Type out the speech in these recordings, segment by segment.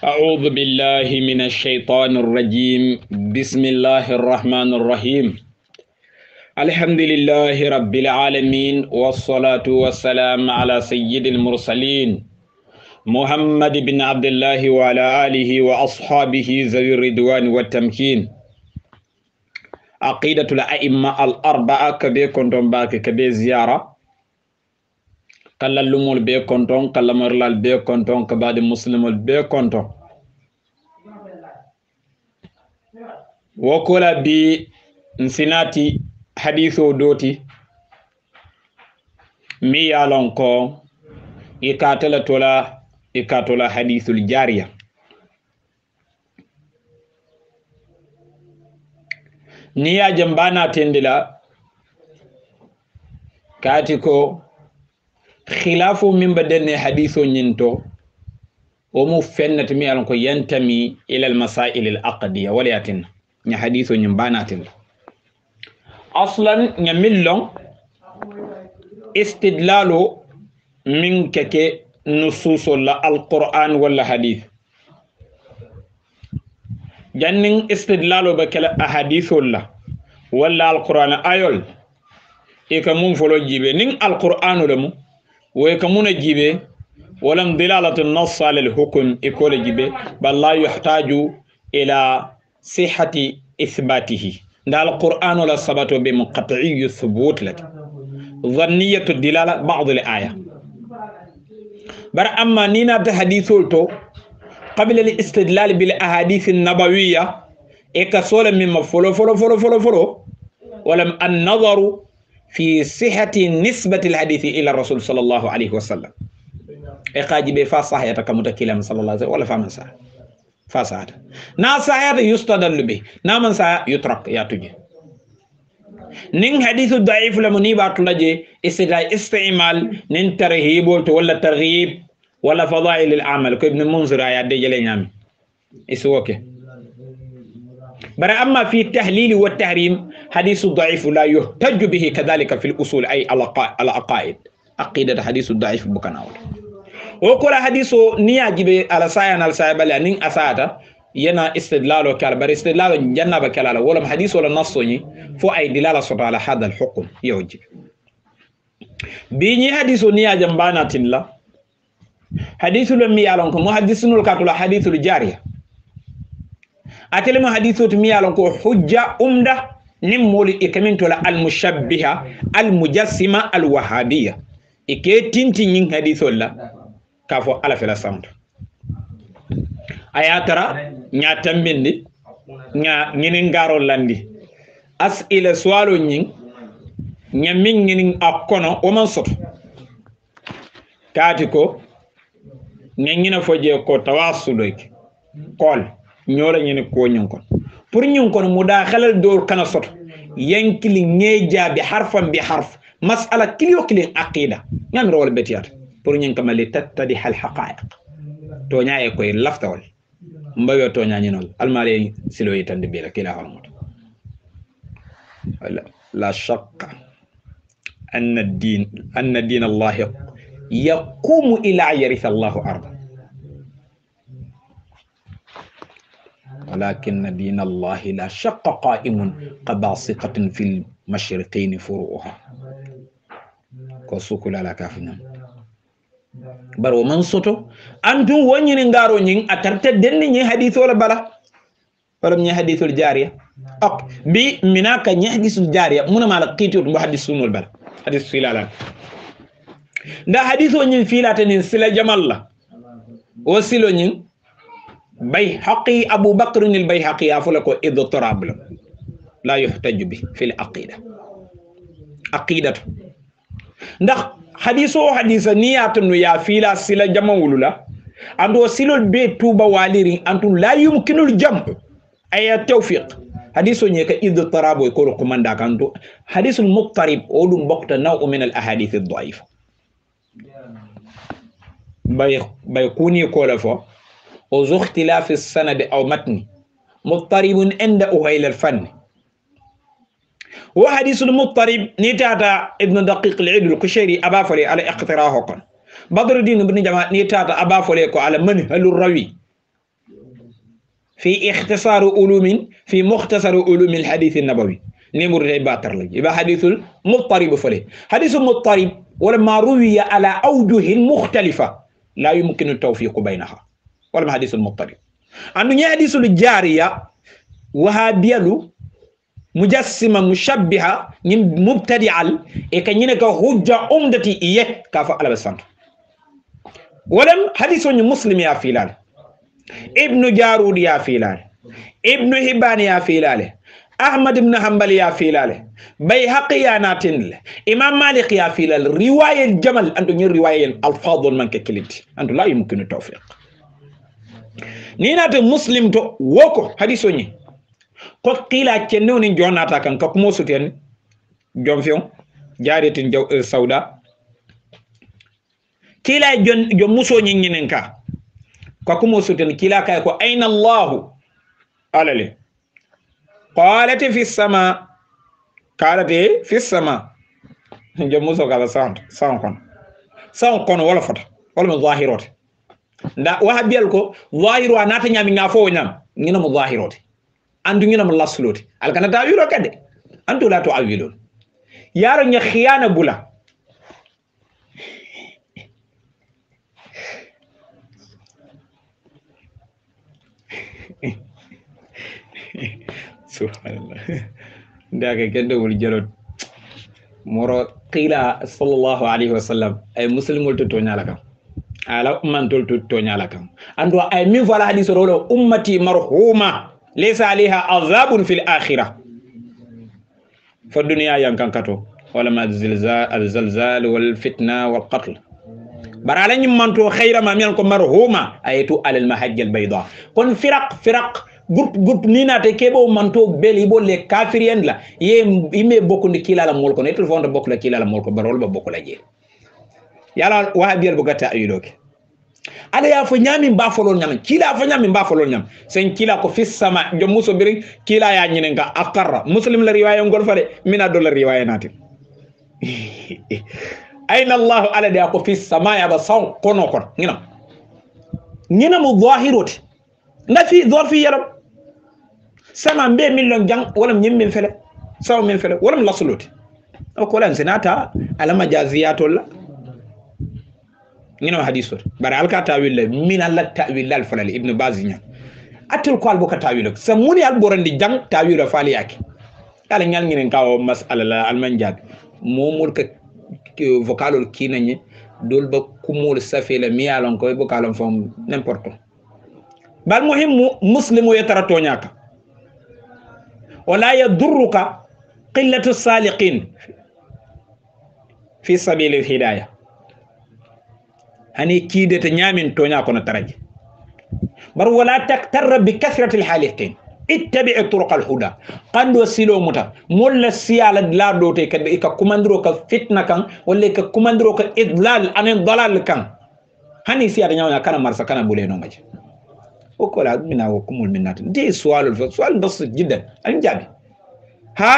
أعوذ بالله من الشيطان الرجيم بسم الله الرحمن الرحيم الحمد لله رب العالمين والصلاة والسلام على سيد المرسلين محمد بن عبد الله وعلى آله وأصحابه ذوي الرضوان والتمكين عقيدة الأئمة الأربعة كبير كنتم باك كبير زيارة lumol be konton marlal be konton ka kabadi muslimol be konton wo kola bi nsinati hadiso doti mi ye lon ko ikatala tola i hadisul jariya ni ya jambana tendila kati ko خلافو من بدن حديثو nyinto ومو فنت مي ألنكو ينتمي إلى المسائل الأقدية ولياتن ني حديثو ني أصلا ني ملون استدلالو من كك نصوص لا القرآن ولا حديث جنن استدلالو بكلا أحاديث ولا ولا القرآن أيول إيكا مون فلو جيبي نين القرآن لمو ويكمون جيبه ولم دلالة النص على الحكم يقول جيبه بل لا يحتاج إلى صحة إثباته ده القرآن ولا ثبت بمقطعي الثبوت لك ظنية الدلالة بعض الآية بر أما نينا تحديثولتو قبل الاستدلال بالأحاديث النبوية سولا من فلو فلو فلو فلو فلو ولم النظر في صحة نسبة الحديث إلى الرسول صلى الله عليه وسلم إقاجي بفا صحيح تكا متكلم صلى الله عليه وسلم ولا فا من صحيح فا صحيح نا صحيح يستدل به نا من صحيح يترك يا تجي نين حديث الضعيف لما نيبات لجي استدعى استعمال نين ترهيب ولا ترغيب ولا فضائل الأعمال كيف نمونزر آيات دي جلي نعمي إسوكي okay. برا أما في التهليل والتحريم حديث ضعيف لا يحتج به كذلك في الأصول أي على عقائد عقيدة حديث ضعيف بكناول وكل حديث نياجي على سايان على سايب لأنين أساتا ينا استدلال وكال بر استدلال جنة بكال ولا حديث ولا نص فو أي دلالة صوت على هذا الحكم يوجب بيني حديث نياجي بانات لا حديث لم يعلمكم وحديث نلقات حديث الجارية atelema hadithu tumia lon ko hujja umda nin molu i kamin tola almushabbiha almujassima alwahabiya i ke tinti ñin hadithu la kafo fo ala fela samta a nya tara ña tambindi nya ñinin garol landi asila suwalo ñin ña min ñinin a kono wo soto kaati ko ña ñina fo je ko ñola ñene ko ñonkon pour ñonkon mu da xalal dor kana sot yankili ngeja bi harfan bi harf mas'ala kili kiliyo kili aqida ñam rawal betiyat pour ñen ñinkama li tattadi hal haqa'iq to ñaaye ko laftawal mbayo to ñañinol almare silo yitande bi la kila hormot la shaqqa أن الدين أن دين الله يقوم إلى يرث الله أرضا ولكن دين الله لا شق قائم قباسقة في المشرقين فروعها كوسوكو لا كافنا نعم. برو من سوتو أنتو وين ينعارو نين أترتد دني ني حديث ولا بلا ولم يحدث الجارية أك بي مناك يحدث الجارية من ما لقيته محدث سنو البلا حديث لا دا حديث ونين فيلاتن سلا جمال الله نين bayhaqi abu bakrin il bayhaqi a fula ko idtorab la la yuhtaju bi fi l ndax hadise o hadisa niyatanu ya fiila sila jamawulula ando silol be tuba walirin antum la yumkinul jam aya tawfiq hadiso ñe ka idtorabo e kolo commanda kanto hadisul muttarib o bokta nawu min al ahadith daifa bay bay kuni kola fo وذو اختلاف السند أو متن مضطرب عند أهيل الفن وحديث المضطرب نتاتا ابن دقيق العيد الكشيري أبا فلي على اقتراه بدر الدين بن جماعة نتاتا أبا فلي على هل الروي في اختصار علوم في مختصر علوم الحديث النبوي نمر باتر لي يبقى حديث المضطرب فلي حديث المضطرب ولما روي على أوجه مختلفة لا يمكن التوفيق بينها ولا حديث المطلق انو ني حديث الجارية وهابيلو مجسم مشبهة نيم مبتدع ال اي كني نك حجة امدتي اي كاف على بسنت ولم حديث ني مسلم يا فيلان ابن جارود يا فيلان ابن هبان يا فيلان احمد بن حنبل يا فيلان بي حقيا ناتن امام مالك يا فيلال روايه الجمل انت ني روايه الفاظ من كلمتي انت لا يمكن التوفيق nina ta muslim to woko hadis o ñi ko qiila cenne onin jonata kan ka kumo suten jom few jaaretin jaw eh, sauda kila jon muso musoñin ñinen ka ka kumo suten kiila kay ko aina allahu alale qalate fi sama kalate fi sama jo muso kala san san kon san kon wala fota wala mi zahirote nda wahabiyal ko zahiru a nata ñami ga fo ngina ñinamo zahirote andu ngina ñinamo al kana tawiro kade antu la to awilol yaro nya khiyana bula subhanallah ndaka wul jarot moro qila sallallahu alaihi wasallam ay muslimul to nyala kam ala umman ummantul tuttoñala kan ando ay min fo ala rolo ummati marhuma laysa liha azabun fi l akhira fo duniya yankan kato fitna wal qatl barala ni manto khayra ma min ko marhuma ayetu al mahajja al bayda kon firaq firaq group group ni naate kebo manto beli bo le kafiri en la ye yimɓe bokkude kiilala molko ne la kilala mol ko barol ba bokku la jeeri yalawan wahabiyal bo gatta awiɗoke alaya fo ñami mbafolol ñam kiila fo ñami mbafolol ñam sen kiila ko fissama jom muso birin kiila ya ñinen ka akarra muslim la riwaya ngol fale min addo la riwaya natin ayna allahu ala de ako fissama yaba saw kono kon ñinam ñinamo zahirote ndafi zorfi yaram sama mbe million jang wala ñim min fele saw min fele wala laslote o kolan senata alama jaziyatol la ñino hadisor bari alka tawil la min alla tawilla al falal ibn bazinya atel ko albo ka ak sa muni al borandi jang tawil fa li yak ala ñal nyal ka kawo mas'ala la al manjad momul ka vocalol kinanye dol ba kumul la mi yalon koy bo kalon fom n'importe bal muhim muhimmu muslimu yatarato nyaka wala yadurruka qillatu saliqin fi sabili hidayah hani kiidete ñaamin tooña kono taraje bar wala taktarra bi kasrati lhaaliqin ittabi e turuk al huda kanndu silo muta molla siyala laaɗoote kadi ika kumandiro ka fitna kan walla ika kumandiro ka idlal anen dalal kan hani siyata ñawña kana marsa kana buleno ngaje okola mina o kumul min nata nde suwalol fo suwal basi jiddan an jaabi ha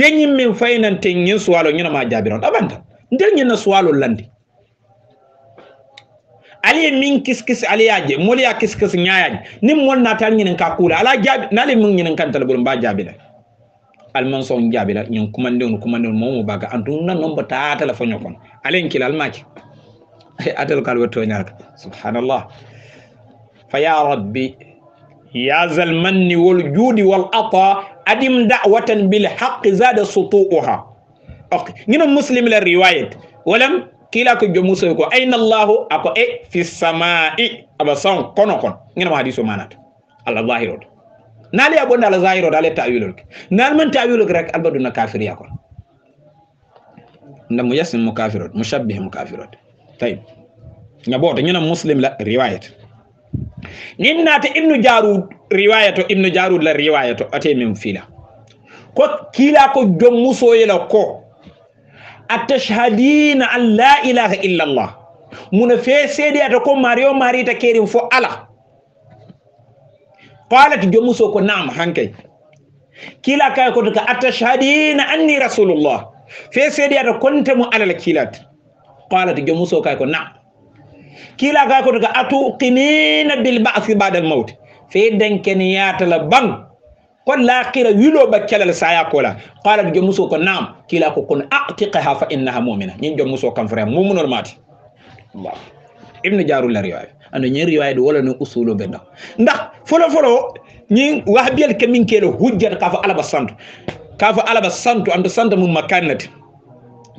yeñin min faynanten ñin suwalo ñinoma jaabiron aɓanta nder ñinna suwalol landi ali min kis kis ali yaje moli ya kis kiskis nyaaje ni mon na tan nyin ka kula ala jabi le min nyin kan tal ba jabi la alman son jabi la nyin ndon kuma ndon mo momo baga antu nan non ba ta telephone kon alen kila almaki atal kal wato nyaaka subhanallah fa ya rabbi ya zal manni wal judi wal ata adim da'watan bil haqq zada sutuha ok ngina muslim la riwayat walam kila ko jo musoy ko ayna allahu ako e eh, fi samai aba son kono kon ngena hadis o manata allah zahir oto naali a bonde allah zahir oto ale tawilol ke naali man tawilol ke rek albaduna kafir ya kon ndamu yasmi mu kafir ot mushabbihe mu kafir ote tayi ñaboto ñuna muslim la riwayat ñin naata ibnu jarud riwaya to ibnu jarud la riwaya to ate min fiila ko kiila ko jom musoyela ko atashhadina an la ilaha illallah muna fe seede ata ko mari o mari ta kerim fo ala qalat jomuso ko naam hankay kila kay ko ka atashhadina anni rasulullah fe seede ata konte mo ala kilat qalat jomuso kay ko naam kila kay ko ka atu qinina bil ba'th ba'da al maut fe denken yata bang كل لاقيرة يلو بكلا لسايا كولا قالت جمسو كن نام كلا كن أعتقها فإنها مؤمنة نين جمسو كن فريا مؤمن المات الله ابن جارو لرواية أنا نين رواية دولا نو أصولو بنا ندخ نعم. فلو فلو نين وحبيا الكمين كيلو هجة كافو على بسانت كافو على بسانت عند سانت من مكانت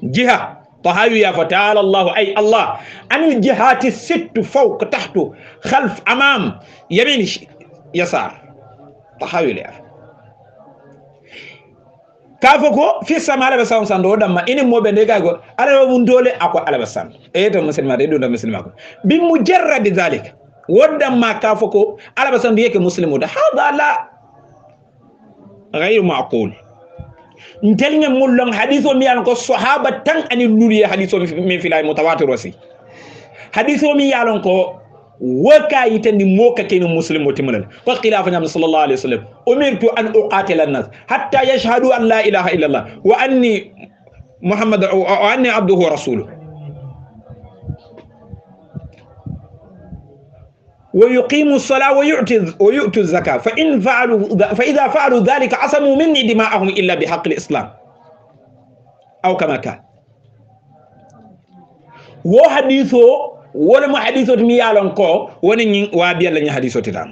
جهة طهيو يا فتعال الله أي الله أن الجهات الست فوق تحت خلف أمام يمين يسار طهيو يا kafo ko fissama alaba sawo sando o damma ini moɓe nde kay go alaba mum dole ako alaba sando eyeto musidma de e ɗum ta musidma ko bin mujarradi dalik woddamma kafo ko alaba sando yeke muslim uda hada la gayru macqul ntelge mullon hadis o mbiyan ko sahaba tan ani lulye hadis o min filay mo tawatir o si hadis o min yalon ko وكايتني موكا كين مسلم وتمنن عن النبي صلى الله عليه وسلم امرت ان اقاتل الناس حتى يشهدوا ان لا اله الا الله واني محمد واني عبده ورسوله ويقيموا الصلاة ويؤتوا الزكاة فإن فعلوا فإذا فعلوا ذلك عصموا مني دماءهم إلا بحق الإسلام أو كما كان وحديثه wolemo hadisoti mi yaalon ko woni ñin waabiyalla ñin hadisoti tan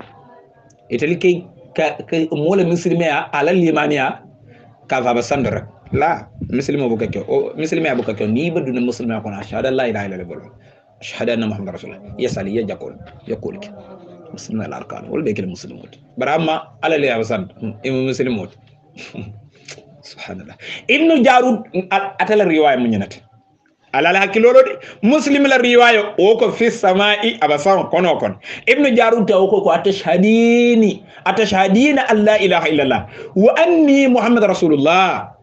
itali key mola misilme a ala limami a kafaba sando rek la misilme o bukakke o misilme a bukakke ni badduna musilme a kono ashhadu an la ilaha illallah bolo ashhadu anna muhammad rasulullah yesali ye jakol yakkolke musilme al arkan wol ɓe kele musilmoti bara amma ala liyaba sando imo musilmoti subhanallah ibnu jarud atala riwaya muñinate alala hakkilolo de muslim la riwayo o ko fi samai abasan kono kon ibnu jarud taw ko ko atashhadini atashhadina alla la ilaha illallah wa anni muhammad rasulullah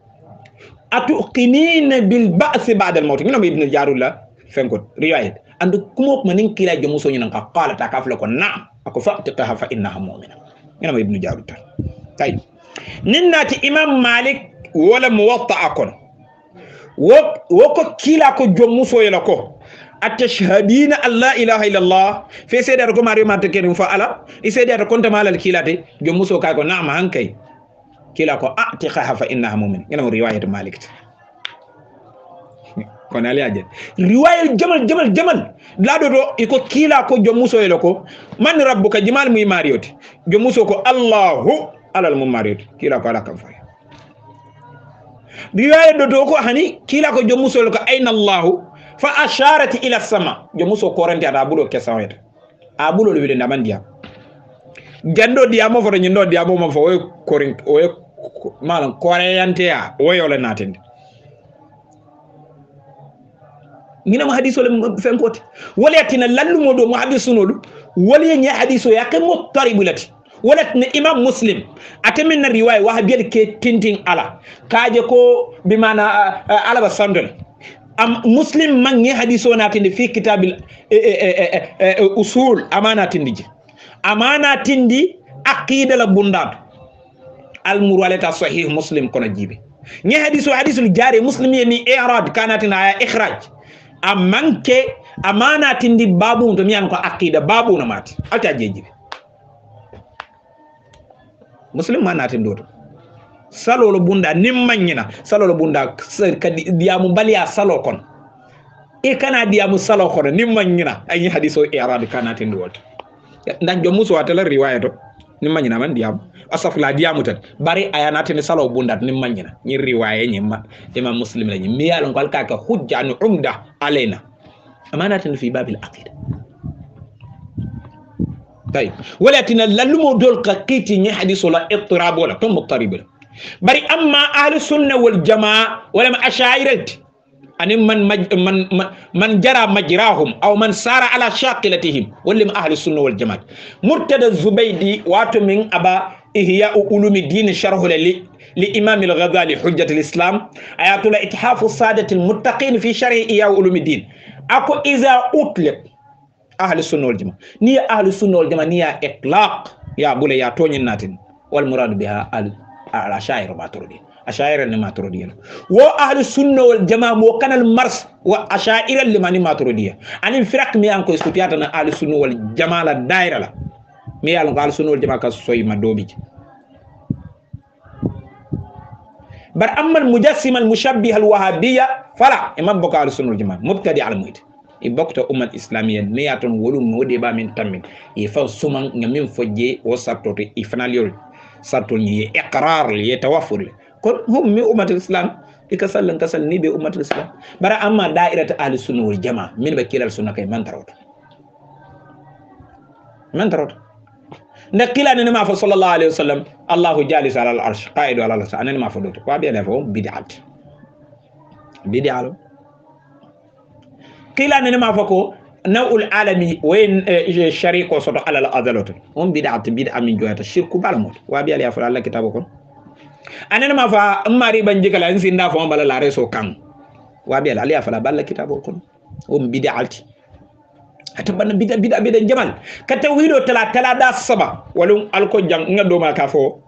atuqinina bil ba'th ba'da al maut minam ibnu jarud la fenkot riwayat andu kumo ko manin kila jomo so nyinan ka qala ta kafla ko na ako fa tataha fa innaha mu'mina minam ibnu jarud tay ninnati imam malik wala muwatta'a kono woko kiila ko joom musoyola ko atachhadina an la ilaha illallah fe seeɗi ata koma remante kene fo ala i seeɗi ata contama alal kiilade joom muso kay ko nama han kay kiila ko atikaha ah, fa innaha mumin genamo riwayate malik te kono ali aje riwaya jamal jamal jamal laaɗo ɗo iko kiila ko joom musoyola ko man rabbuka jimal muy mariyote joom muso ko allahu alal mum mariyote kiila ko ala kam faya do do ko hani kila ko jomuso musol ko ayna allahu fa asharat ila sama jomuso muso korante ada bulo kesan weta a bulo le wede man diam jando diamo foto nyindo diamo ma fo way o way malan koreyante ya wayole natende ñinama hadis ole fenkoti wala tina lallumo do mo hadisunoɗum wala ñe hadiso yakke mo taribulati wolat ne imam muslim atemin na riwaye waha biyel ke tintin ala kaje ko bi mana alaba sandol am muslim mangi hadise onatinde fi kitabil e, e, e, usul amana tindi je amana tindi aqida la bundado almour waleta sahih muslim kono jiibe ñe hadise o hadisul jaare muslim yemi irad kanatina aya ihraj a manke amana tindi babu to mi an ko aqida babu no mate alta jejiɓe muslim ma natin doto salolo bunda nin manyina salolo bunda kadi diyamu baliya salo kon e kana diyamu salo kono nin manyina ayi hadiso i'rad kanatin doto ndan jom muso atala riwaya to nin manyina man diyamu asafla diyamu tan bari aya natin salo bunda ni manyina ni riwaya ni ma imam muslim la ni miyalon kal kaka hujja an umda alaina amanatin fi babil aqida طيب ولكن للمو دول كيتي ني حديث ولا اضطراب ولا تم مضطرب بري اما اهل السنه والجماعه ولا اشاعره ان من مج من من جرى مجراهم او من سار على شاقلتهم ولم اهل السنه والجماعه مرتد الزبيدي واتو من ابا احياء علوم الدين شرح للي لإمام الغزالي حجة الإسلام آيات الله إتحاف السادة المتقين في شرع احياء علوم الدين أكو إذا أطلق اهل السنه والجماعه نية اهل السنه والجماعه ني اطلاق يا بولي يا توني ناتين والمراد بها ال الاشاعره ما تردين اشاعره اللي ما تردين و اهل السنه والجماعه مو كان المرس واشاعره اللي ما ني ما تردين ان فرق مي انكو سوتياتنا اهل السنه والجماعه لا دايره لا مي قال اهل السنه والجماعه كسوي ما دوبي بر اما المجسم المشبه الوهابيه فلا امام بكار السنه والجماعه مبتدي على المويد ibokto umat islamia ne ya ton wolu no de ba min tammin e fa suman ngamin fojje o sabto to i fanal ni iqrar li tawaffur kon hum mi umat islam ika sallan kasal ni be umat islam bara amma da'iratu ahli sunna wal jamaa min ba kilal sunna kay man tarot man tarot nda kilani ne ma fa sallallahu alaihi wasallam allah jalis ala al arsh qaid ala al arsh anani ma fa doto wa bi bid'at bid'alo kila nene ma fako naw'ul alami wayin eh, eh, shariko soto alal adaloto on bid'at bid'a ami joyata shirku balamoto wa bi aliya fala kitabu kon anene ma fa mari ban jikala nsi nda fa bala la reso kan wa bi aliya fala bala kitabu kon on bid'ati hata banna bid'a bid'a bid'a jamal kata wido tala tala da saba walum alko jang ngado ma ka fo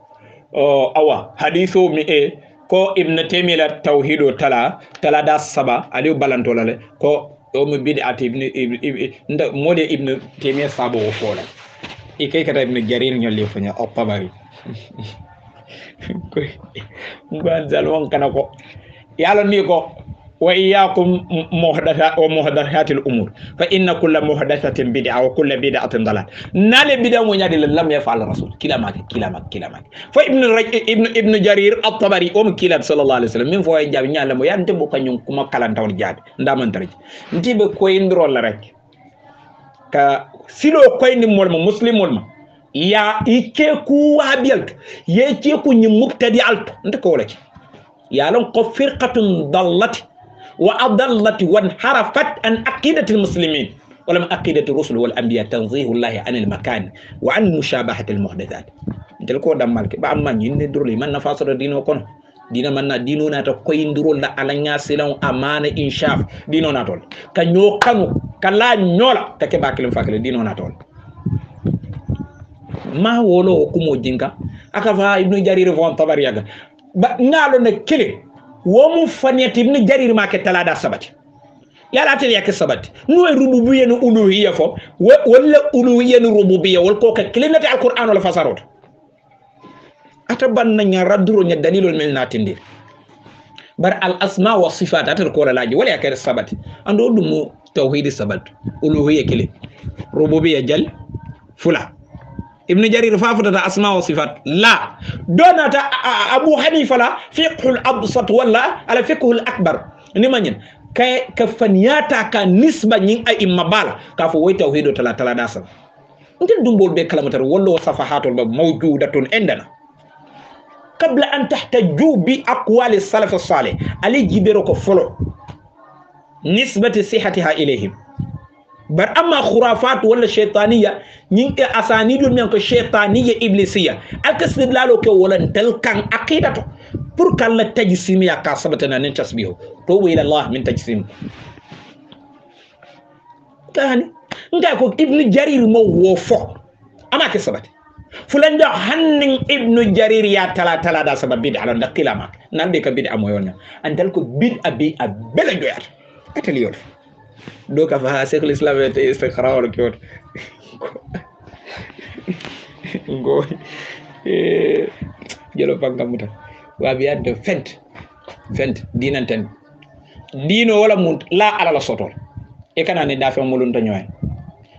oh, awa hadithu mi e ko ibn taymiyyah tawhido tala tala da saba aliu balantola ko omu bidi ati ibnu nda mode ibnu temi sabo wo fola i kay kata ibnu jarir ñolli fuña o pabari ngal zal won kana yalo ni ko wa iyakum mohdata mohdathatil umour fa inna culla mohdathatin bidaa wa culla bidaatin dalal nale bida mo ñaadi lam yafal rasul kilamake kilamake kilamake fa ibnu ibnu ibnu jarir altabari om kilat sallallah alih w sallam min fo e jaabi ñaalemo yante bo kañum kuma kalantawn jaabi ndamantareji ntiɓe koyndirolla rek ka silo koyndimolma muslimolma ya i keku waabiyalto ye ceku ñim muktadi alto nte ko wolake yalon ko firqatun dallati وأضلت وانحرفت عن عقيدة المسلمين ولم عقيدة الرسل والأنبياء تنزيه الله عن المكان وعن مشابهة المحدثات انت لكو دمالك با اما نين درولي من نفاصل الدين وكون دين من دينو ناتو كوين درول على ناسلون أمان إنشاف دينو ناتول كنيو كانو كلا نيولا تكي باكل مفاكل دينو ناتول ما هو لو حكومو جينكا أكفا ابن جارير فون تباريا با نالو نكيلي womu faniyati ibn jarir ma ke talada sabati yala tel yake sabati no e rububiyya no uluhiyya fo wala uluhiyya no rububiyya wal ko ka kilinati alquran wala fasarot atabanna nya raduro nya dalilul min natindir bar al asma wa sifat atal ko laji wala yake sabati ando dum tawhid sabat uluhiyya kile rububiyya jal fulah ibnu jarir fafudata asma o sifat la donata abou hanifa la fiqhul absat walla ala fiqhul acbar nimañen kaye ka fan yata ka nisba ñing a imma bala ka fo woy taw hedo tala talaɗa sal nden dumbol ɓe kalamatar wallo safa hatol ba mawjuda toon endana qable an tahta juubi aqwali salafe saleh ali jibero ko folo nisbati sihatiha ilayhim bar amma khurafat wala shaytaniya nyin ke asani dum men ko shaytaniya iblisiya alkasdilalo ke wolan talkan aqidato pour kala tajsimiya ka sabatana nin tasbihu tubu ila allah min tajsim tani nga ko ibnu jarir mo wo fo ama ke sabati fulan da hannun ibnu jarir ya tala tala da sabab bid alon da qilama nan be ka bid amoyona andal ko bid abi abela doyar atali yof do kama Sheikhul Islam ete istikhara wanakiona ngoy jelo pangam muta waɓe yadde fente fente dinanten dino wala mum la alala sotol e kana fe dafe ta ñoen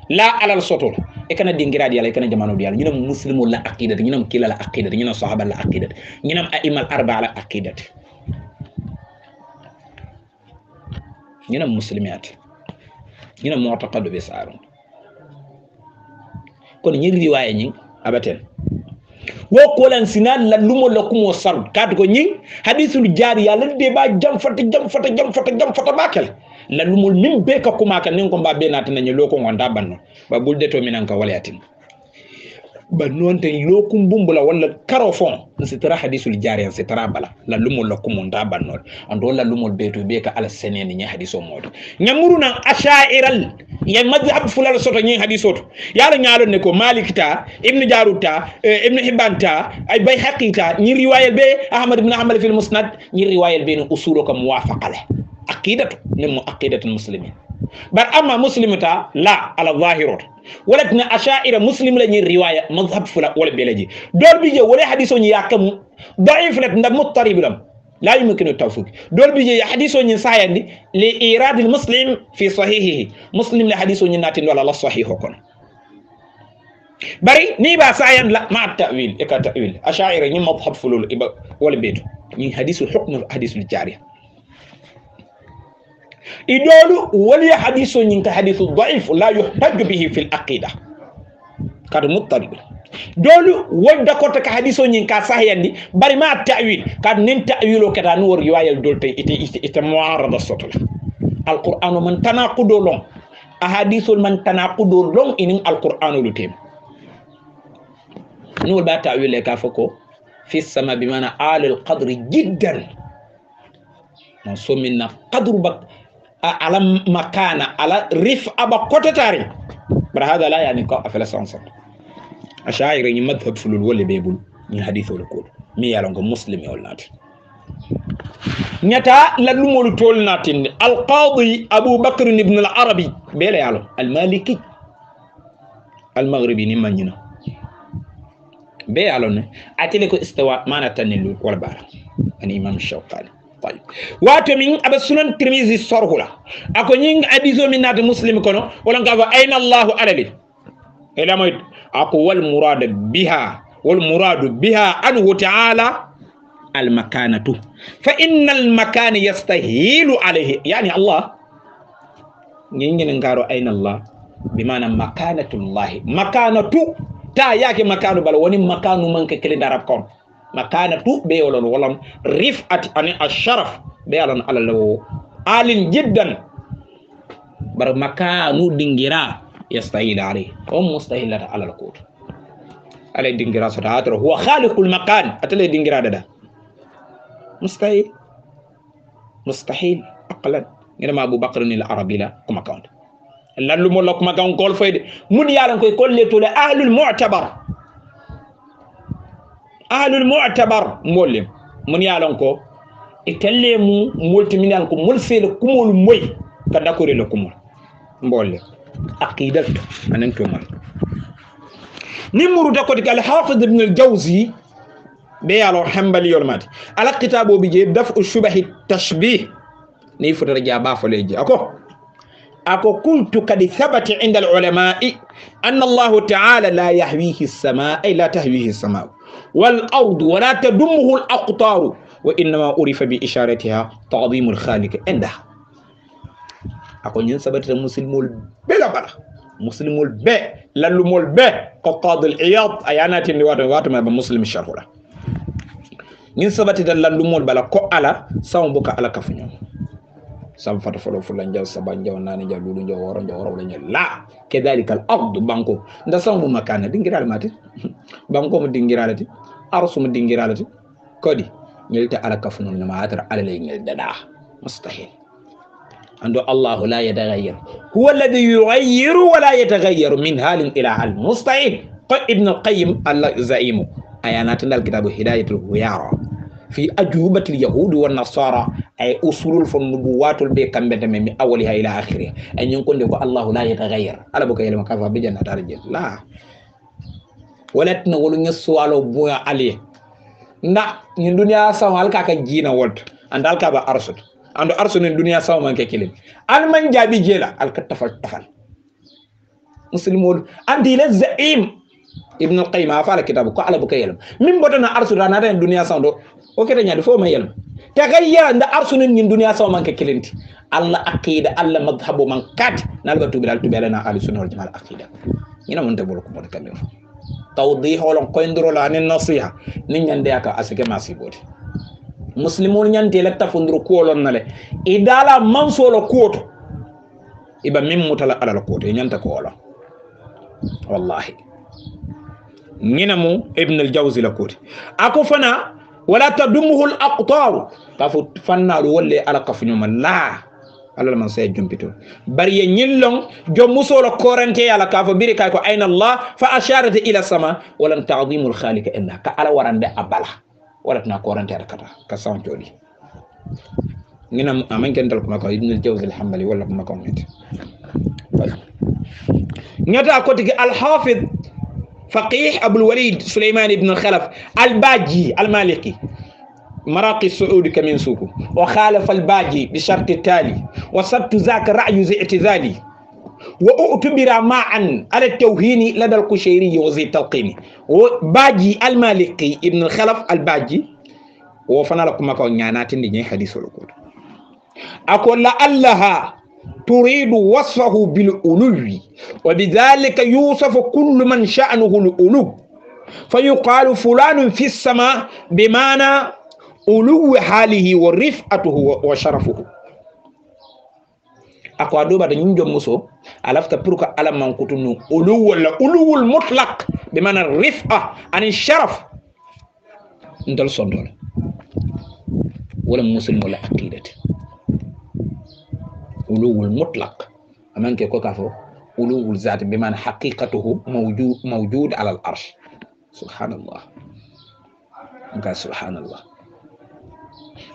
la alal sotol e kana dingiraɗi yala e kana jamanoɗi yala ñinam muslimu la aqidate ñinam kila la aqidate ñinam sahaba la aqidate ñinam aimal arba la aqidate ñinam muslimé ate ñina bi saaru kon kono ñiri riwaya ñing abaten wo kolan sinan la lumo la mo sar kat ko ñing hadithul jari ya la de ba jam fata jam fata jam fata jam fata bakel la lumo min be ka kuma ka nin ko mba be natana ñi loko ngonda banno ba bulde to minan ka walayatin bal non tan yokum bumbula walla karo fon nsitara hadisul jari nsitara bala la lumol la kumunta bannol ando la lumol beto be ka ala seneni nya hadiso modo nyamuruna ashairal ya madhhab fulal soto nyi hadiso to yala nyaalo ne ko malikita ibnu jaruta ibnu hibanta ay bay haqita nyi riwayal be ahmad ibn ahmad fil musnad nyi riwayal be no usulo kam muwafaqale aqidatu nimu aqidatul muslimin bar أما مسلم la لا على walatina ولكن muslim مسلم لا riwaya mazhab fula wala beleji dol bi je wala hadiso ñi yakam da'if lat ndak muttarib لا يمكن التوفيق دول بيجي حديثه ني سايندي لإيراد المسلم في صحيحه مسلم لحديثه ني ناتين ولا لا صحيح كون بري نيبا با لا ما التأويل إكا تأويل أشاعر ني مذهب فلول ولا بيت ني حديث حكم حديث الجارية idolu wali hadiso nyin ka hadisu dhaif la yuhtaju bihi fil aqida kad muttarid dolu wadda ko ta hadiso nyin ka sahyandi bari ma ta'wil kad nin ta'wilo kata nu wor riwayal dol tay ite ite, ite muarada sotla alquran man tanaqudo long ahadisul man tanaqudo long inin alquran lutem نقول بقى تعويل لك فوكو في السماء بمعنى آل القدر جدا منصوم منا قدر بك ala makana ala rif aba kotetari bara hada la yani ko afala sansa ashairi ni madhhab fulul wala bebul ni hadith wala kul mi yalo ngo muslimi wala ñata la lumolu tol natinde al qadi abu bakr ibn al arabi bele yalo al maliki al maghribi ni manina be yalo ne atele ko istiwa mana tanil wala bara an imam shawkani fay waato min aɓa sunan trimisi sorhula ako ñin adiso min naata muslim kono wala ngaa fo ayna allahu alali elamoyt ako wal mourada biha wal mouradu biha anhu taala almakanatu fa inna almakana yastahilu alayhi yani allah ñingene ngaaro ayna allah bimana makanatullahi makanatu ta yaake makanu bala wani makanu manke kelendarab kono مكانة تو بيولا ولون ريف أت أني أشرف بيولا على لو آلين جدا بر مكانو دينجرا يستهيل علي هم مستهيل على الكوت على دينجرا سرعاتر هو خالق المكان أتلي دينجرا دا, دا مستهيل مستحيل أقلا غير ما أبو بكر العربي لا كما كان لا لو مولا كما كان قول فيد من تولى أهل المعتبر أهل المعتبر مولم من يالونكو يكلمو مولت من يالونكو مولسي لكمول موي كدكوري لكمول مولي أقيدت أن أنتم نمرو دكوتك الحافظ ابن الجوزي بيالو حنبلي يولمات على كتابه بيجي دفع الشبه التشبيه نيفر رجع بافوليجي أكو أكو كنت قد ثبت عند العلماء أن الله تعالى لا يهويه السماء أي لا تهويه السماء والأرض ولا تدمه الأقطار وإنما أُرِفَ بإشارتها تعظيم الخالق عندها أقول سبت المسلم البلا بلا مسلم الباء للم الباء قاضي العياض أيانات أيانا تندي واتم واتم مسلم الشرهورة سبت للم البلا كو كألا سام بك على كفنيون سام فتفلو فلان جال سبان جال ناني جال لولو جال ورن جال ورن لا كذلك الأرض بانكو ده سام مكانه دين كده الماتي banko mo dingiralati arsu mo dingiralati kodi ñelta ala kafunum no maatra ala lay ñel dada mustahil عنده الله لا يتغير هو الذي يغير ولا يتغير من حال إلى حال مستحيل قال ابن القيم الله زعيمه آيات الكتاب هداية الهيارة في أجوبة اليهود والنصارى أي أصول النبوات البيكم من أولها إلى آخرها أن يكون الله لا يتغير ألا بك يلمك بجنة لا Walet walatina woluña suwalo buya ali nda ñin duniya sawo alka ka jina wonta and alka ba arsude ando arsunen duniya sawo manke kilin alman jaabi jeela alka tafal tafal muslimol andi le zaim al-qayma fa la kitab ko ala buka yelam min botana arsude na natan duniya sawo do o kete ñaade fo ma ta te kay yera nda arsunen ñin duniya sawo manke kilinti allah aqida allah madhhabu man kati nalga tuɓel al na ahli sunnah wal jamal aqida ñina monte bolo ko mode kamɓe fof tawdi holon koyndirola anin nasiha nin ñande yaka asike ma siboti muslimol ñanti e lek tafondiro kuwolon nale idala mansolo kuwoto iba min mutala alal kuwoto e ñanta kowolon wallahi ñina mu ibnel jawsi la kuwoti ako fana wala tadumuhu l aqtar tafo fannaɗo wolle ala kafuñuma laa alla man say jumpito bari ye ñillon jom muso musolo korante ala ka fo biri kay ko ayna allah fa asharat ila sama walan ta'dhimu al khaliq inna ka ala warande abala wala na korante ala kata ka san jodi ngina amen ken dal ko ko ibn al jawzi al hanbali wala ko ko nit ñata ko tigi al hafid faqih abul walid sulaiman ibn al khalaf al baji al maliki مراقي السعود كمن سوكو وخالف الباجي بشرط التالي وصبت ذاك رأي زي اعتذالي وأؤتبر معا على التوهين لدى القشيري وزي التلقيني وباجي المالكي ابن الخلف الباجي وفنا لكم كون نيانات ني حديث لكم أقول لألها تريد وصفه بالألو وبذلك يوصف كل من شأنه الألو فيقال فلان في السماء بمعنى uluwu halihi wa rif'atuhu wa sharafuhu ako a ɗoɓata ñum jom muso a lafta pour que ala mankutunu uluwu walla uluwul mutlak ɓe mana rif'a anin sharaf ndol sondole wala musulmi wala aqidate uluwul mutlak amanke ko ka fo uluwul zat ɓe mana haqiqatuhu mawjud ala al arsh subhanallah nka subhanallah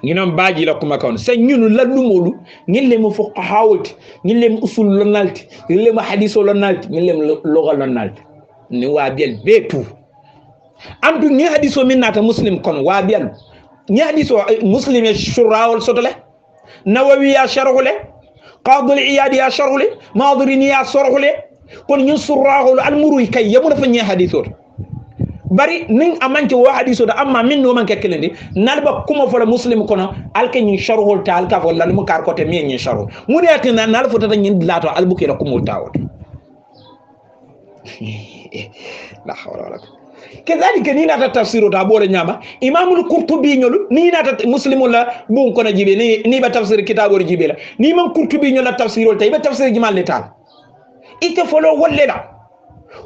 nginon baaji la kuma makon sen ñun la lu dumolu ngin lem fuqahawati ngin lem usul la nalti ngin lem hadiso lonalti ngin lem la nalti ni wa biel bepu du ni hadiso min nata muslim kon wa biel ni hadiso muslim shurawol sotale nawawi ya sharhule qadul iyad ya sharhule madrini ya sharhule kon ñu surahul al-murui kay yamu dafa ñi hadiso bari nin a manke wo hadiso da amma min noman kekkelen di nalba kuma fola muslim kono alke ñin sharhol ta alka fo lanmu kar kote mi ñin sharhol mun yati na nal fo tata ñin lato albuke da kumol ta wot la hawla wala kedalike ni nata tafsiro ta bore ñama imamul qurtubi ñolu ni nata muslimul la bun kono jibe ni ni ba tafsir kitabul jibe la ni man qurtubi ñola tafsirol tay ba tafsir jimal le tal ite folo wolle la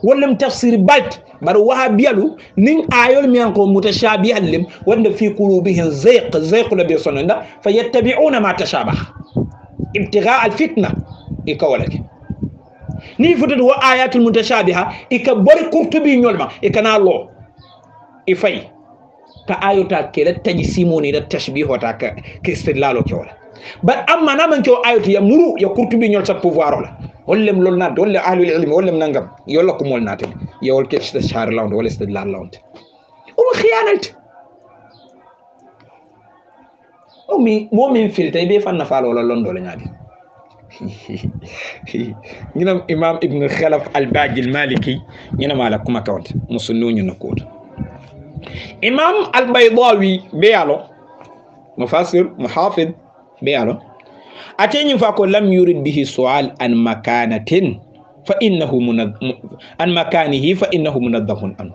ولم تفسير بات بر وهابيالو نين آيول ميانكو متشابه لهم وند في قلوبهم زيق زيق لبي سننا فيتبعون ما تشابه ابتغاء الفتنة إكولك ni futata wo ayatul mutashabiha ika bori kurtubi ñolma ikana lo i fay ta ayota kela taji simoni da tashbiho ta ka ke istidlalo ke wala ba am na man ko ayatu ya muru ya kurtubi ñol sa pouvoir la hollem lol nadde holle ahlul ilmi hollem nangam yolla ko mol natel yewol ke sta sar lawnde wala sta la lawnde o mo khiyanalt o mi mo min fil tay be fan fanna falo lol londo la ñadi ñinam imam ibn khalaf al baji al maliki ñinam ala kuma kawnt musullu ñu nakoto imam al baydawi be yalo mufassir muhafid ɓe ano ateñi fa ko lam yurid bihi sual an makanatin fa innahu an makanihi fa innahu munaddahun anu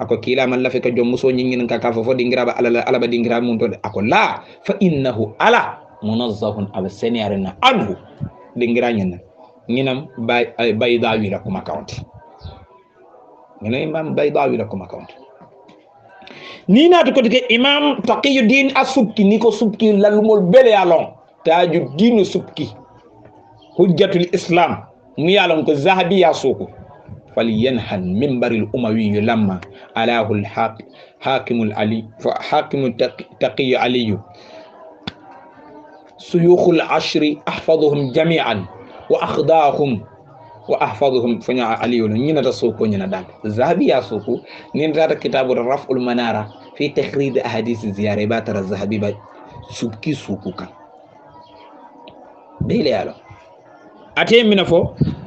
ako kilamallafika jom muso ñinginen ka ka fo fo ɗingiraɓa alaa alaba ɗingiraɓe mum toɗe ako la fa innahu ala munazzahun aɓe seniyare na anhu ɗingirañen nan ñinam bay bayda wila kuma kawante ñinam imam bayda wila kuma kawante ni naati ko dike imam taqiyuddin a subki ni ko subki lalumol bele yalon taaju dinu subki hujjatul islam mu yalon ko zahabi ya soko فلينهل منبر الأموي لما علاه الحاكم العلي حاكم تقي علي شيوخ العشر أحفظهم جميعا وأخداهم واحفظهم فنع علي نينا تسوكو نينا دال ذهبي يا سوكو نين كتاب رفع المناره في تخريج أحاديث زيارة باتر الزهبي بات سبكي سوكوكا بيلي على أتيم من فو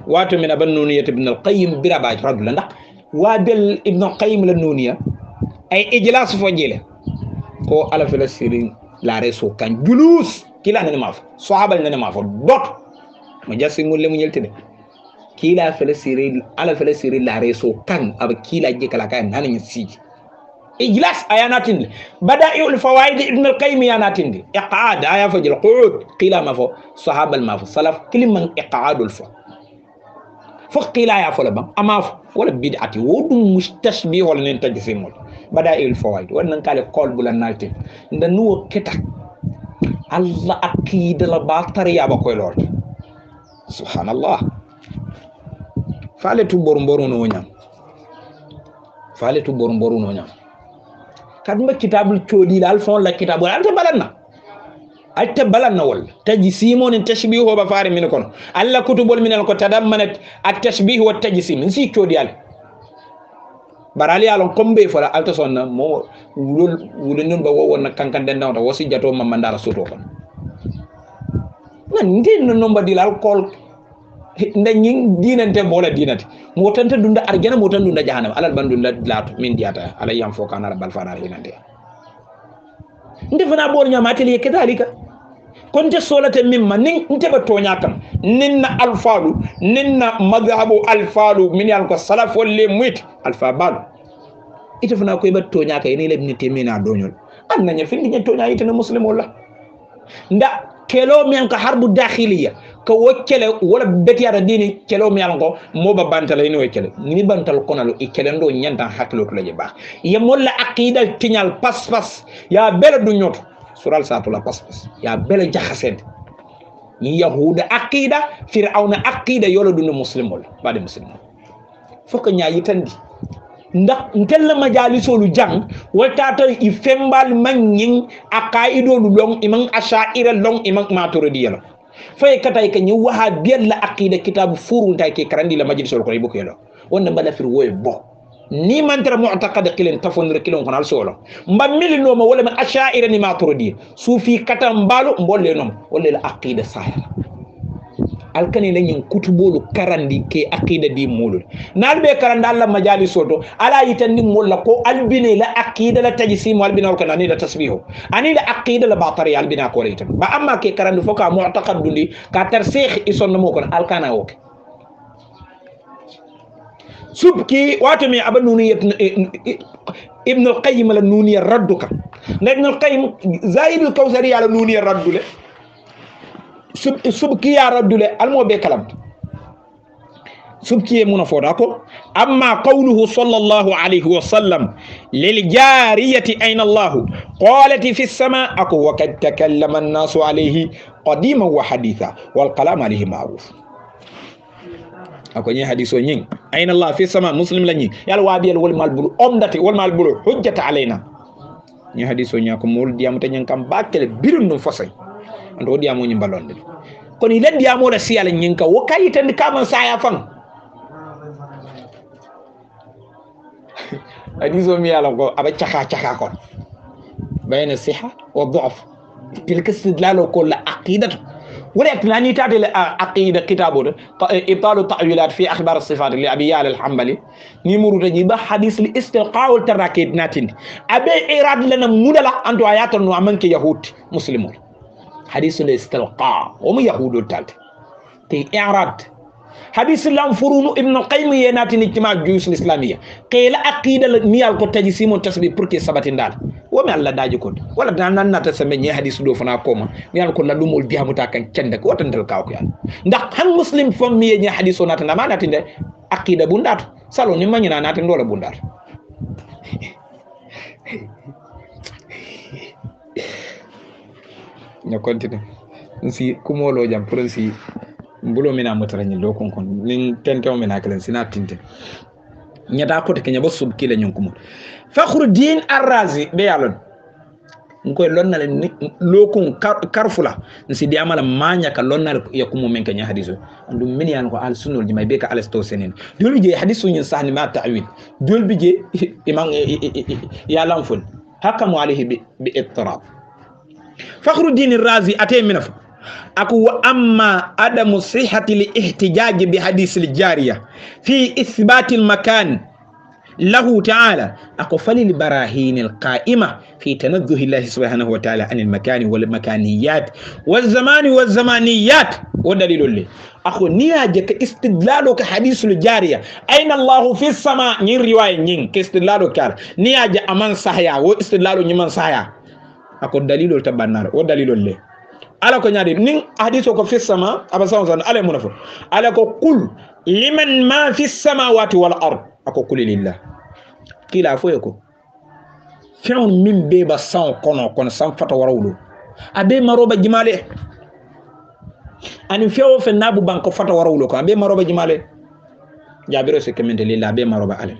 واتو من أبن نونية ابن القيم برابع رجل لا وادل ابن القيم للنونية أي إجلاس فجيلة كو على فلسطين لا ريسو كان جلوس كلا ننماف صحابة ننماف بط مجاسي مولي مجلتني kila fele siri ala فلسطين siri la reso kan ab kila je kala kan nan ni siji إجلاس آية ناتندي بدأ الفوائد ابن القيم يا ناتندي إقعاد آية فجر قعود قيل ما فو صحابة ما فو صلاف كل من إقعاد الفو فوق قيل آية فلبا أما فو ولا بدعة ود مستشبه ولا ننتج في مول بدأ الفوائد ولا نكال قول بلا ناتندي نو كتا الله أكيد لباتر يا بقول لورد سبحان الله فعلت بورن بورن ونعم فعلت بورن بورن ونعم كاتم كتاب الكودي الفون لا كتاب ولا انت بلدنا انت بلدنا ول تجي سيمون تشبيه وبفار من كون الله كتب من الكتاب من التشبيه والتجسيم نسي كودي على برالي على كومبي فلا انت سون مو ولول ولنون بو ون كان كان دنا وسي جاتو مام دار سوتو كون نان دي نومبا دي الكول dañin dinante mola mo motan dunda arjana motan dunda jahannam alal bandu lat min diata ala yam foka na rabbal fara hinante nte fana bor nyama atelier kedalika kon te solate mimma nin nte ba tonya kam nin na alfalu nin na madhabu alfalu min yal ko salafo le muit alfa balu ite fana ko ba tonya kay ni le ni temina donyol an na fi ni tonya ite na muslim wala nda kelo mi an ka harbu dakhiliya ko wo wala wala betiyata dini kelo mi yalan mo moba bantala ni e ni bantal konalo e kelen do nyanta hakilo to leje ba ya molla aqida tinyal pas pas ya bela du nyoto sural satu la pas pas ya bela jaxasente ni yahuda aqida fir'auna aqida yolo du no muslimol de muslimol foko ñaayi tandi ndax jali majalisolu jang watata i fembal akai do lu long imang ashaira long imang maturidi fay e katay e ka ñi waha bien la aqida kitabu furunta ke karandi la majid sol ko kelo wonna mbala fir woy bo ni mantara mu'taqad kilen tafonira kilen kono al solo mbammili noma wala ma asha'ira ni maturidi sufi katam balu mbolle nom wala la aqida sahira alkani la ñin kutubolu karandi ke aqida di mulul nal be karanda la majali soto ala yitandi mulla ko albine la aqida la tajsim albina wal kanani la tasbihu ani la aqida la batari albina ko leetam ba amma ke karandu foka mu'taqad dundi ka tar sheikh ison mo ko alkana woke subki watami abanuni ibn al-qayyim la nuni radduka ibn al-qayyim zaid al-kawthari ala nuni raddule subkiya rabdule almoɓe kalamta subkiye muna foda ko amma qawluhu sallallahu alayhi wa sallam lil jariyati ayna allahu qalati fi sama ako wa kad takallama annasu alayhi qadiman wa haditha wal kalam alayhi ma'ruf ako ñi hadiso ñing ayna allah fi sama muslim la ñi yal wabiyal wal malbul omdati wal malbul hujjata alayna ñi hadiso ñako mul diam te ñan bakkel birun dum fosay ando o ɗiyamoñi ballonde kono ilan ɗiyamoɗa siyala ñinka wo kayitandi kaman saya fan hadis o miyalan ko aɓa caha caha kon bayna siha wa dof tilka stidlalo kolla aqidatu ولكن لاني تاتي العقيده كتابه ابطال التاويلات في اخبار الصفات لابي يال الحنبلي نيمرو تجي حديث الاستلقاء والتراكيد ناتين ابي ايراد لنا مودلا انتو ايات نو امانك يهود مسلمون hadisul istilqa omo yahuɗol talte te irad irat hadis lanfurunu ibnu qaymi yenatini ijtima juusul islamia aqida aqidal miyal ko taji simon tasbi pour que sabatindal womi allah daji kon wala nanannata same ñe hadis ɗo fana koma miyan ko lallumol dihamuta kan cende ko watandel kawko yal ndax han muslim fom miye ñe hadis o natandama de aqida bundato salo ni mañina natin ɗola bundato no continue si kumolo jam pour nsi mbulo mina mutara ñi lokon kon ni tente o mina kelen sina tinte ñata kote ke ñabo sub kile ñon kumul fakhruddin arrazi be yalon ngoy lonnale lokun karfula nsi di amala manya ka lonnal ya kumu men kanya hadiso andu min yan ko al sunnul di may be ka al sto senen dol bije hadisu ñin sahni ma ta'wil dol bije imam ya lamful hakamu alayhi bi ittirab فخر الدين الرازي أتي منف أكو أما عدم صحة الاحتجاج بحديث الجارية في إثبات المكان له تعالى أكو فل البراهين القائمة في تنزه الله سبحانه وتعالى عن المكان والمكانيات والزمان والزمانيات ودليل لي أكو نياجك استدلالك حديث الجارية أين الله في السماء نين رواية نين كاستدلالك نياج أمان صحيح واستدلال نمان صحيح ako dalilol tabbannare wo dalilol le ala ko ñaadi nin hadis o ko fi sama aba sa sana ala e muna fo ala ko qul liman ma fi samawati wal ard ako kuli lillah kila fo ye ko fewn min be ba saŋo kono kono san fata warawulo a be maroba jimale ani fewo fe nabu banko fata warawulo ko a be maroba jimale jabiro sikkamente lillah a be maroba ale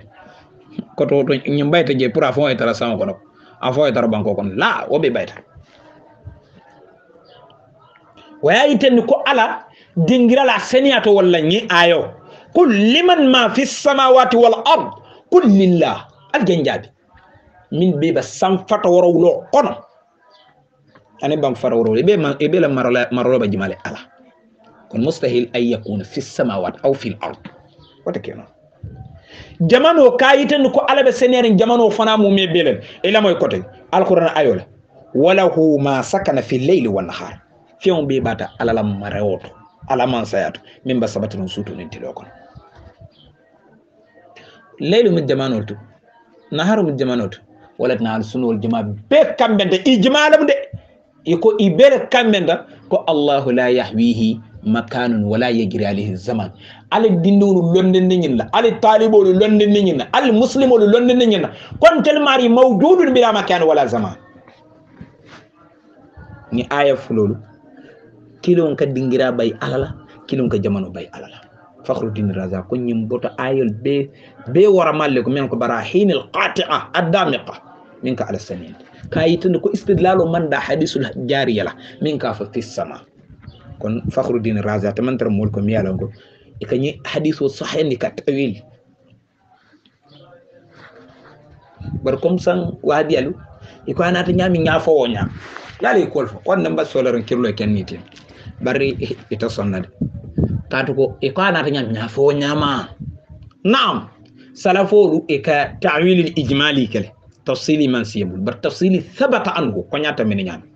koto to nyimbayta je pour a fon e kono a foyatara ɓanko kon la wo ɓe ɓayta wa yayi tenni ko ala dingiralaa seniya to walla ñi aayo kul liman ma fi samawati wal ard kul lillah al genjaabi min ɓe ɓa sanfata worowlo kono ane ban fara worowlo e ɓe e la maroloɓa jimale ala kon mustahil an yakuna fi samawat aw fi l ard wata ke noon jamano kayitani ko alaɓe seneri jamano fana mume belen elamoye kote alqouran ayola walahu ma sakana fi leyli wannahar fewo mbibata alalam marewoto alaman sayato min ba sabata non sutonintelo kono leylu mu jamanol to naharu mu jamano to walatna al sunowol juma be kamɓen de i jumalam de iko i bele kamɓen ta ko allahu la yahwihi makanun wala yegiri alayhi zaman ala dindiŋolu londindi ñinna ala taliboolu londindi ñinna ala musilimolu londindi ñinna kon telmari mawjudun mbila makanu wala zaman ni aya fuloolu kilon ka dingira bay alala kilon ka jamano bay alala fahrudin raza ko ñim boto ayol be be waramalle ko min ko bara hinil qatia addamiqa min ka ala sanin kayitande ko istidlalo manda hadisul jariyala min ka fa fissama kon fakhruddin raza tamantara mol ko miyalango e kañi hadiso sahani ka tawil bar comme san wadi alu e ko anata nyami nyafo wonya yale fo kon namba solaron kirlo nitin bari ita sonnade katu ko e ko anata nyami nyafo nyama naam salaforu e ka ta'wil al ijmali kale tafsili man siyabul bar tafsili thabata anhu ko nyata min nyami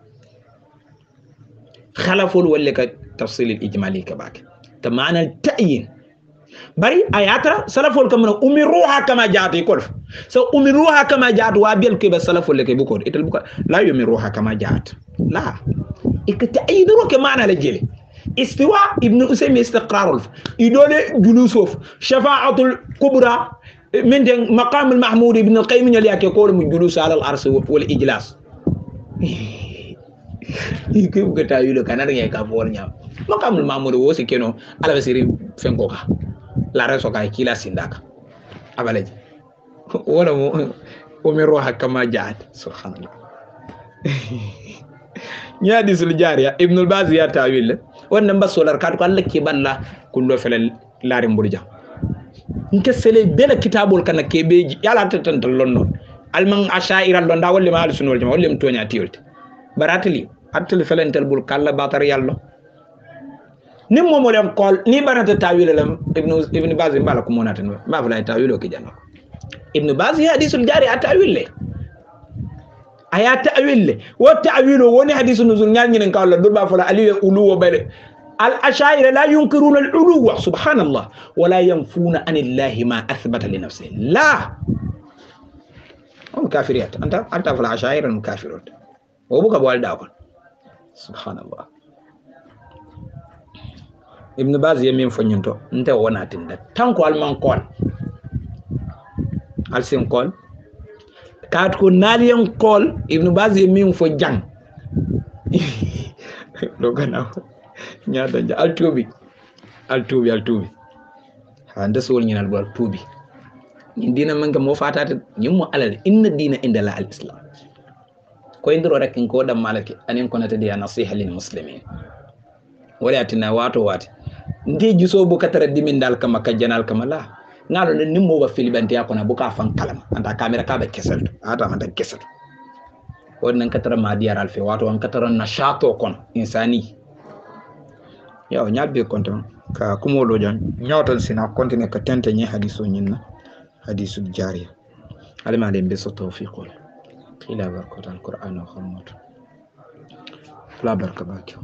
خلفوا ولا تفصيل الإجمالي كباك تمعنى التأيين bari a yatara salafol kam no umiruha kama jaatu kolf so umiruha kama jaatu wa bel ke salafol le ke bukor itel bukor la yumiruha kama jaat la ikta ayidu ke mana la jeli استواء ابن أسيم استقرار يدول جلوسوف شفاعة الكبرى من مقام المحمود ابن القيم يقول من جلوس على الأرض والإجلاس ke buka ta yulo kanar ngai ka bol nya ma mamuru wo keno ala siri fen ko ka la reso ka kila sindaka abalaji wala mo o mi roha kama jaat subhanallah di sul jaar ya ibnul baz ya tawil wonna mbasolar kat ko alla ki balla kundo felal laari mburja nke sele bela kitabol kana kebe yala tantal lonno alman ashaira londa wolle ma al sunul jama wolle mtonya tiyolte baratli ant li felentel bul kala batar yalla yallo nin dem kol ni barata tawile lam ibnu ibnu basi mbala ko monaten ma fala tawilo o janna ibnu basi hadithul jari a tawille aya tawille wo tawile o woni fala ali ulu wa bal al aliwe la ɓeɗe al ulu wa subhanallah wa la yanfuna an allah ma athbata li nafsihi la هم كافرين أنت أنت فلا عشائر كافرون وبوك أبو الداكن subhana allah ibnu bas ye min fo ñinto nte wonatinda tanko alman kool alsin kool kaat ko naaliyen kool ibnu bas ye min fo jang ɗo gana ñaata ja al tuubi al tuubi al tuubi ha nde sowol ñinal bo al tuubi ñin dina manke mo fatate ñin mo alal inna dina indala al islam koyndiro rakin ko ɗam malaki anin konata ya nasiha lil muslimin walayatina watu wati ndi juso buka tara dimindal kama ka janal kama la ngalo ne nimmo ba filibante ya kona buka fan kalama anta kamera ka ba kesel ata manta kesel wannan katara madiyar alfe wato an katara nashato kon insani yaw ñabbe kontan ka kumolo jan ñawtan sina kontine ka tente ñe hadiso ñinna hadisul jariya alimade mbe so tawfiqol Ina barkota alkur'ani wa khammatu la barka baki